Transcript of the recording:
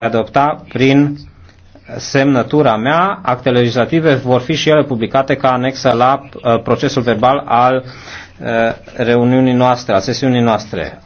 adopta prin semnătura mea. Actele legislative vor fi și ele publicate ca anexă la uh, procesul verbal al uh, reuniunii noastre, a sesiunii noastre.